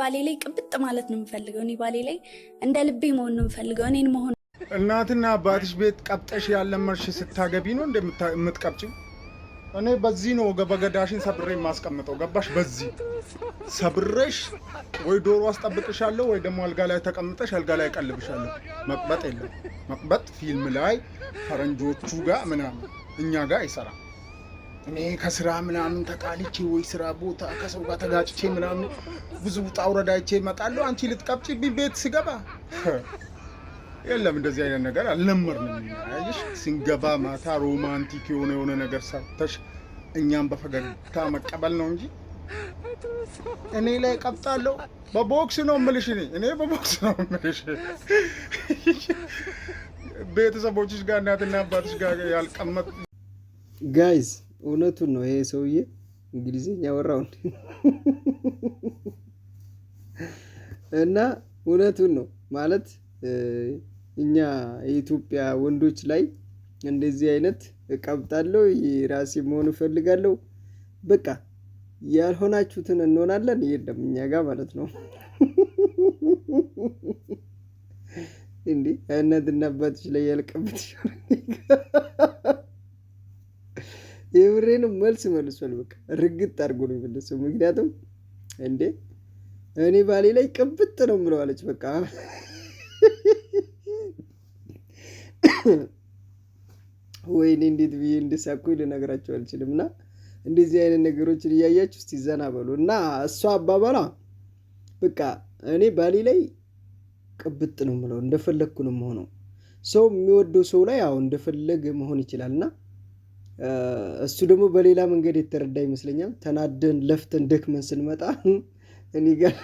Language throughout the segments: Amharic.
ባሌ ላይ ቅብጥ ማለት ነው የምፈልገው። እኔ ባሌ ላይ እንደ ልቤ መሆን ነው የምፈልገው። እኔን መሆን እናትና አባትሽ ቤት ቀብጠሽ ያለመርሽ ስታገቢ ነው እንደምትቀብጭው። እኔ በዚህ ነው በገዳሽን ሰብሬ የማስቀምጠው። ገባሽ? በዚህ ሰብሬሽ ወይ ዶሮ አስጠብቅሻለሁ ወይ ደግሞ አልጋ ላይ ተቀምጠሽ አልጋ ላይ ቀልብሻለሁ። መቅበጥ የለም መቅበጥ ፊልም ላይ ፈረንጆቹ ጋር ምናምን እኛ ጋር አይሰራም። እኔ ከስራ ምናምን ተቃልቼ ወይ ስራ ቦታ ከሰው ጋር ተጋጭቼ ምናምን ብዙ ውጣ ውረዳይቼ እመጣለሁ። አንቺ ልትቀብጪብኝ ቤት ስገባ የለም እንደዚህ አይነት ነገር አልለመድንም። አየሽ ስንገባ ማታ ሮማንቲክ የሆነ የሆነ ነገር ሰርተሽ እኛም በፈገግታ መቀበል ነው እንጂ እኔ ላይ ቀብጣለሁ። በቦክስ ነው ምልሽ እኔ እኔ በቦክስ ነው ምልሽ። ቤተሰቦችሽ ጋር እናትና አባትሽ ጋር ያልቀመጥ ጋይዝ እውነቱን ነው። ይሄ ሰውዬ እንግሊዝኛ ወራው እና እውነቱን ነው ማለት እኛ የኢትዮጵያ ወንዶች ላይ እንደዚህ አይነት እቀብጣለሁ ራሴ መሆን እፈልጋለሁ በቃ ያልሆናችሁትን እንሆናለን። የለም እኛ ጋር ማለት ነው እንዲህ እናትና አባትሽ ላይ ያልቀብት የብሬንም መልስ መልሷል። በቃ ርግጥ አድርጎ ነው የመለሰው። ምክንያቱም እንዴ እኔ ባሌ ላይ ቅብጥ ነው ምለዋለች። በቃ ወይኔ እንዴት ብዬ እንደሳኩኝ ልነግራቸው አልችልም። እና እንደዚህ አይነት ነገሮችን እያያችሁ እስቲ ዘና በሉ እና እሷ አባባሏ በቃ እኔ ባሌ ላይ ቅብጥ ነው ምለው፣ እንደፈለግኩ ነው መሆነው። ሰው የሚወደው ሰው ላይ አዎ እንደፈለገ መሆን ይችላል እና እሱ ደግሞ በሌላ መንገድ የተረዳ ይመስለኛል። ተናደን ለፍተን ደክመን ስንመጣ እኔ ጋር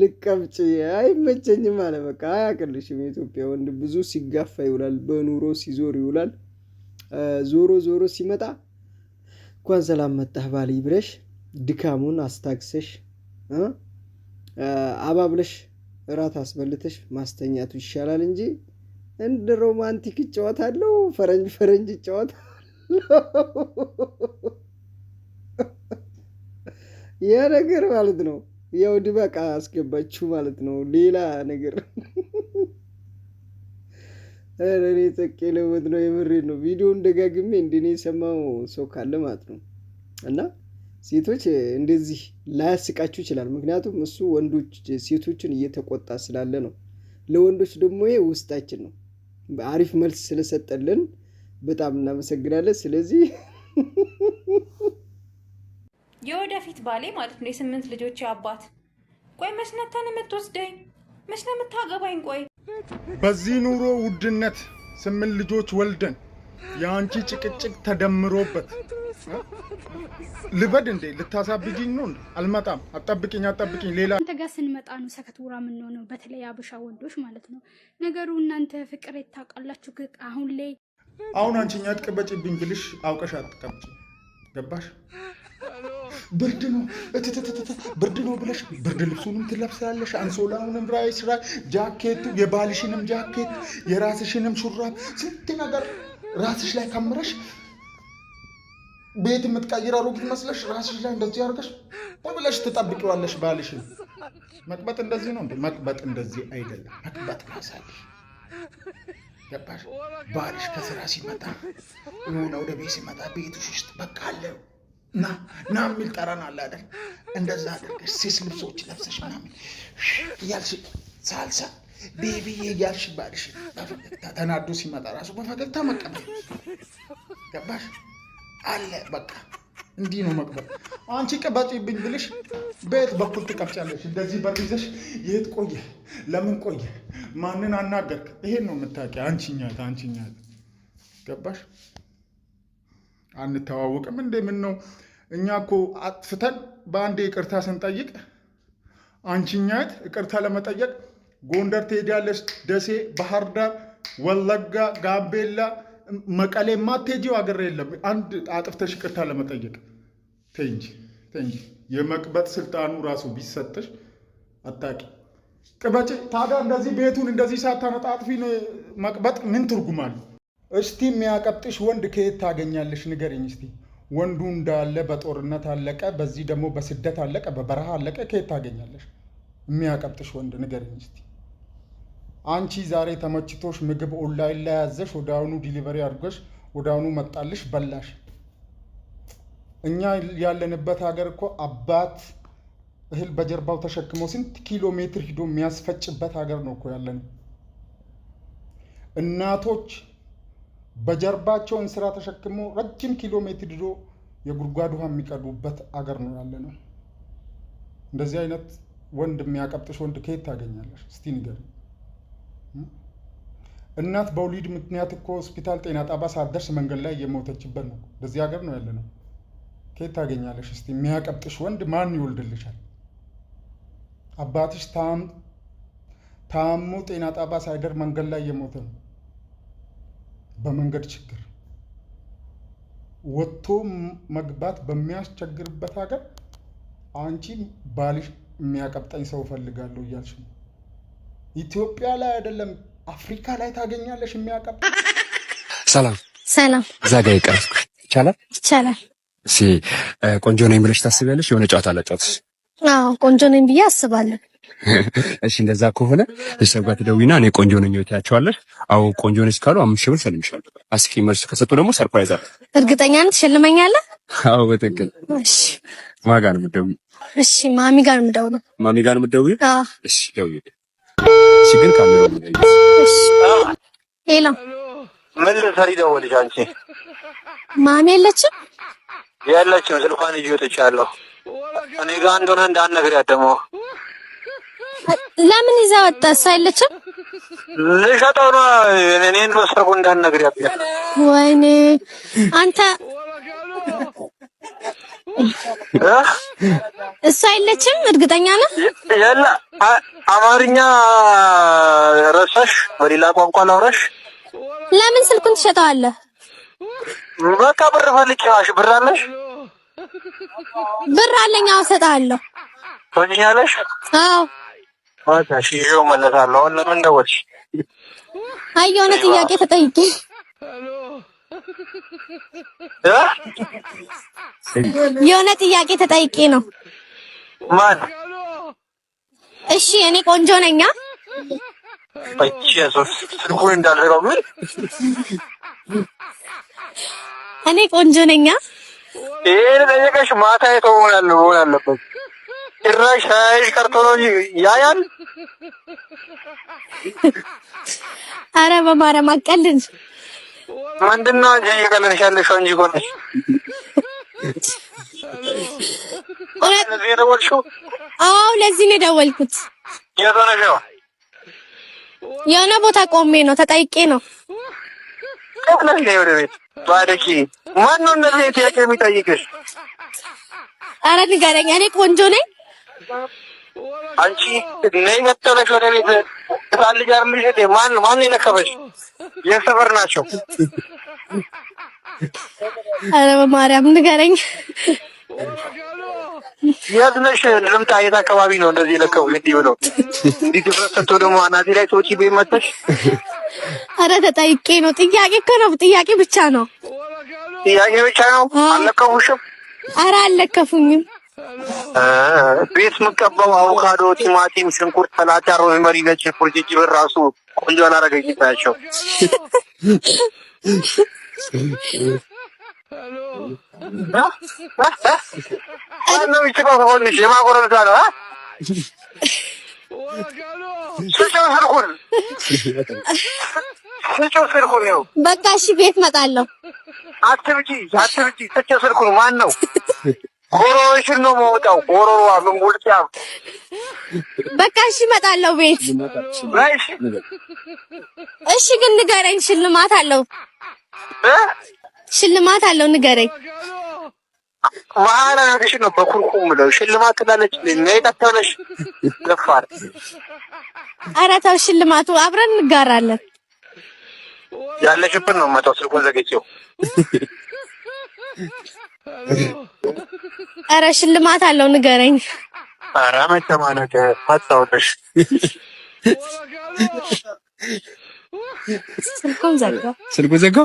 ልቀብጭ አይመቸኝም አለ። በቃ አያቅልሽም። የኢትዮጵያ ወንድ ብዙ ሲጋፋ ይውላል፣ በኑሮ ሲዞር ይውላል። ዞሮ ዞሮ ሲመጣ እንኳን ሰላም መጣህ ባል ብለሽ ድካሙን አስታግሰሽ አባብለሽ እራት አስበልተሽ ማስተኛቱ ይሻላል እንጂ እንደ ሮማንቲክ እጫወታለሁ፣ ፈረንጅ ፈረንጅ እጫወታለሁ። ያ ነገር ማለት ነው ያው ድበቃ አስገባችሁ ማለት ነው። ሌላ ነገር እኔ ጸቄ ለመት ነው የምሬ ነው። ቪዲዮውን ደጋግሜ እንደኔ የሰማው ሰው ካለ ማለት ነው። እና ሴቶች እንደዚህ ላያስቃችሁ ይችላል። ምክንያቱም እሱ ወንዶች ሴቶችን እየተቆጣ ስላለ ነው። ለወንዶች ደግሞ ይሄ ውስጣችን ነው። አሪፍ መልስ ስለሰጠልን በጣም እናመሰግናለን። ስለዚህ የወደፊት ባሌ ማለት ነው፣ የስምንት ልጆች አባት። ቆይ መች ነተን የምትወስደኝ? መች ነው የምታገባኝ? ቆይ በዚህ ኑሮ ውድነት ስምንት ልጆች ወልደን የአንቺ ጭቅጭቅ ተደምሮበት ልበድ እንዴ? ልታሳብጅኝ ነው? አልመጣም። አጣብቂኝ፣ አጣብቂኝ። ሌላ አንተ ጋር ስንመጣ ነው ሰከትውራ የምንሆነው፣ በተለይ አበሻ ወንዶች ማለት ነው። ነገሩ እናንተ ፍቅር የታውቃላችሁ። አሁን ላይ አሁን አንቺኛ ትቀበጭብኝ ብልሽ አውቀሽ አትቀበጭ። ገባሽ? ብርድ ነው ብርድ ነው ብለሽ ብርድ ልብሱንም ትለብሳለሽ፣ አንሶላውንም፣ ራይስ ራ ጃኬቱ፣ የባልሽንም ጃኬት፣ የራስሽንም ሹራብ፣ ስንት ነገር ራስሽ ላይ ከምረሽ ቤት የምትቀይር አሮጊት መስለሽ ራስሽ ላይ እንደዚህ አድርገሽ ተብለሽ ትጠብቂዋለሽ ባልሽን። መቅበጥ እንደዚህ ነው እንዴ? መቅበጥ እንደዚህ አይደለም። መቅበጥ ራሳለሽ ገባሽ? ባልሽ ከስራ ሲመጣ የሆነ ወደ ቤት ሲመጣ ቤትሽ ውስጥ በቃ አለው ና ና የሚል ጠረን አለ አይደል? እንደዛ አድርገሽ ሴስ ልብሶች ለብሰሽ ምናምን እያልሽ ሳልሳ ቤቢዬ እያልሽ ባልሽ በፈገግታ ተናዶ ሲመጣ ራሱ በፈገግታ መቀበል ገባሽ? አለ በቃ እንዲህ ነው መቅበር። አንቺ ቅበጪብኝ ብልሽ በየት በኩል ትቀብጫለሽ? እንደዚህ በር ይዘሽ የት ቆየ? ለምን ቆየ? ማንን አናገርክ? ይሄን ነው የምታውቂው። አንቺኛት አንቺኛት ገባሽ? አንተዋወቅም እንዴ? ምን ነው እኛ እኮ አጥፍተን በአንዴ ይቅርታ ስንጠይቅ አንቺኛት ይቅርታ ለመጠየቅ ጎንደር ትሄዳለች፣ ደሴ፣ ባህር ዳር፣ ወለጋ፣ ጋምቤላ መቀሌ ማትሄጂው ሀገር የለም። አንድ አጥፍተሽ ይቅርታ ለመጠየቅ ተይ እንጂ ተይ የመቅበጥ ስልጣኑ ራሱ ቢሰጥሽ አታቂ ቅበጭ። ታዲያ እንደዚህ ቤቱን እንደዚህ ሳታነጣ አጥፊ መቅበጥ ምን ትርጉም አለው? እስቲ የሚያቀብጥሽ ወንድ ከየት ታገኛለሽ? ንገርኝ እስቲ። ወንዱ እንዳለ በጦርነት አለቀ፣ በዚህ ደግሞ በስደት አለቀ፣ በበረሃ አለቀ። ከየት ታገኛለሽ የሚያቀብጥሽ ወንድ ንገርኝ እስቲ። አንቺ ዛሬ ተመችቶሽ ምግብ ኦንላይን ላይ ያዘሽ ወደ አሁኑ ዲሊቨሪ አድርገሽ ወደ አሁኑ መጣልሽ በላሽ። እኛ ያለንበት ሀገር እኮ አባት እህል በጀርባው ተሸክሞ ስንት ኪሎ ሜትር ሂዶ የሚያስፈጭበት ሀገር ነው እኮ ያለን። እናቶች በጀርባቸው እንስራ ተሸክሞ ረጅም ኪሎ ሜትር ሂዶ የጉድጓድ ውሃ የሚቀዱበት አገር ነው ያለ ነው። እንደዚህ አይነት ወንድ የሚያቀብጥሽ ወንድ ከየት ታገኛለሽ? እስቲ ንገሪኝ። እናት በወሊድ ምክንያት እኮ ሆስፒታል ጤና ጣባ ሳትደርስ መንገድ ላይ የሞተችበት ነው። በዚህ ሀገር ነው ያለ ነው። ከየት ታገኛለሽ? እስቲ የሚያቀብጥሽ ወንድ ማን ይወልድልሻል? አባትሽ ታሙ ጤና ጣባ ሳይደር መንገድ ላይ የሞተ ነው። በመንገድ ችግር ወጥቶ መግባት በሚያስቸግርበት ሀገር አንቺ ባልሽ የሚያቀብጠኝ ሰው እፈልጋለሁ እያልሽ ነው። ኢትዮጵያ ላይ አይደለም አፍሪካ ላይ ታገኛለሽ የሚያቀብ ሰላም ሰላም እዛ ጋር ይቀርኩ ይቻላል ይቻላል ቆንጆ ነኝ ብለሽ ታስቢያለሽ የሆነ ጨዋታ ላጫውትሽ አዎ ቆንጆ ነኝ ብዬ አስባለሁ እሺ እንደዛ ከሆነ ቤተሰብ ጋር ትደውይና እኔ ቆንጆ ነኝ ትያቸዋለሽ አዎ ቆንጆ ነች ካሉ አምስት ሺህ ብር እሸልምሻለሁ አስኪ መልስ ከሰጡ ደግሞ ሰርፕራይዝ አለ እርግጠኛ ነህ ትሸልመኛለህ አዎ በትክክል እሺ ማን ጋር ነው የምትደውይው እሺ ማሚ ጋር ነው የምደውለው ማሚ ጋር ነው የምትደውይው እሺ ደውዪ ችግር ካሜራ ምን ልትሰሪ ደወልሽ አንቺ? ማሚ የለችም የለችም። ስልኳን ይዤ ወጥቻለሁ። እኔ ጋር እንደሆነ እንዳትነግሪያት ደግሞ። ለምን ይዛ ወጣ? እሷ የለችም። ልሸጠው ነው። እኔ እንደወሰድኩ እንዳትነግሪያት። ወይኔ አንተ እሷ አይለችም። እርግጠኛ ነህ? ያለ አማርኛ ረሳሽ? በሌላ ቋንቋ ላውራሽ። ለምን ስልኩን ትሸጠዋለህ? በቃ ብር ፈልጭሽ። ብር አለሽ? ብር አለኝ። አዎ እሰጥሃለሁ። ትወጪኛለሽ? አዎ በቃ ይሄው ይዤው እመለሳለሁ። አሁን ለምን ደወልሽ? አይ የሆነ ጥያቄ ተጠይቄ የሆነ ጥያቄ ተጠይቄ ነው። ማን? እሺ እኔ ቆንጆ ነኛ? እቺ ስልኩን እንዳልረጋው ምን? እኔ ቆንጆ ነኛ? ይሄን ጠየቀሽ ማታ የተው መሆን አለበት። ጭራሽ ሳያይሽ ቀርቶ ነው ያያል። አረ በማርያም አቀልን ምንድን ነው እንጂ እየቀለድሽ ያለሽው እንጂ እኮ ነሽ። አዎ ለዚህ ነው የደወልኩት። የት ሆነሽ ነው? የሆነ ቦታ ቆሜ ነው ተጠይቄ ነው። የት ነሽ ነው? ወደ ቤት ባደኪ። ማን ነው እንደዚህ ጥያቄ የሚጠይቅሽ? አረ ንገረኝ። እኔ ቆንጆ ነኝ። አንቺ ነይ መጠለሽ ወደ ቤት ህፃን ልጅ ማን ማን የነከበሽ? የሰፈር ናቸው። አረ በማርያም ንገረኝ። የት ነሽ? ልምጣ። የት አካባቢ ነው እንደዚህ የለከቡሽ? እንዲህ ብለው እንዲህ ሰጥቶ ደግሞ አናቴ ላይ ቤት አረ ተጠይቄ ነው። ጥያቄ እኮ ነው። ጥያቄ ብቻ ነው። ጥያቄ ብቻ ነው። አልለከፉሽም? አረ አልለከፉኝም። ቤት የምቀባው አቮካዶ፣ ቲማቲም፣ ሽንኩርት፣ ሰላጣ፣ ሮዝመሪ፣ ነጭ ሽንኩርት ጅብር ራሱ ቆንጆ አላረገኝ ታያቸው። በቃ እሺ፣ ቤት እመጣለሁ። አትብጪ፣ አትብጪ። ስልኩን ማን ነው ጎሮሮሽን ነው መውጣው። ጎሮሮ አፍንጉልቻ በቃ እሺ፣ እመጣለሁ ቤት። እሺ፣ ግን ንገረኝ፣ ሽልማት አለው? ሽልማት አለው? ንገረኝ። መሀል አናትሽ ነው በኩርኩም ብለው ሽልማት ትላለች። የጠተነሽ ደፋር። ኧረ ተው፣ ሽልማቱ አብረን እንጋራለን። ያለሽብን ነው መጣው። ስልኩን ዘግቼው ኧረ ሽልማት አለው ንገረኝ። ኧረ መጨማነቅ ማጣውሽ ስልኩ ዘጋ። ስልኩን ዘጋ።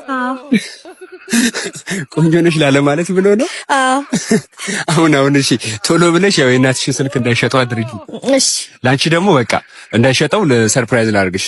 ቆንጆ ነሽ ላለ ማለት ብሎ ነው። አሁን አሁን እሺ፣ ቶሎ ብለሽ ያው የእናትሽን ስልክ እንዳይሸጠው አድርጊ። እሺ፣ ላንቺ ደግሞ በቃ እንዳይሸጠው ሰርፕራይዝ ላድርግሽ።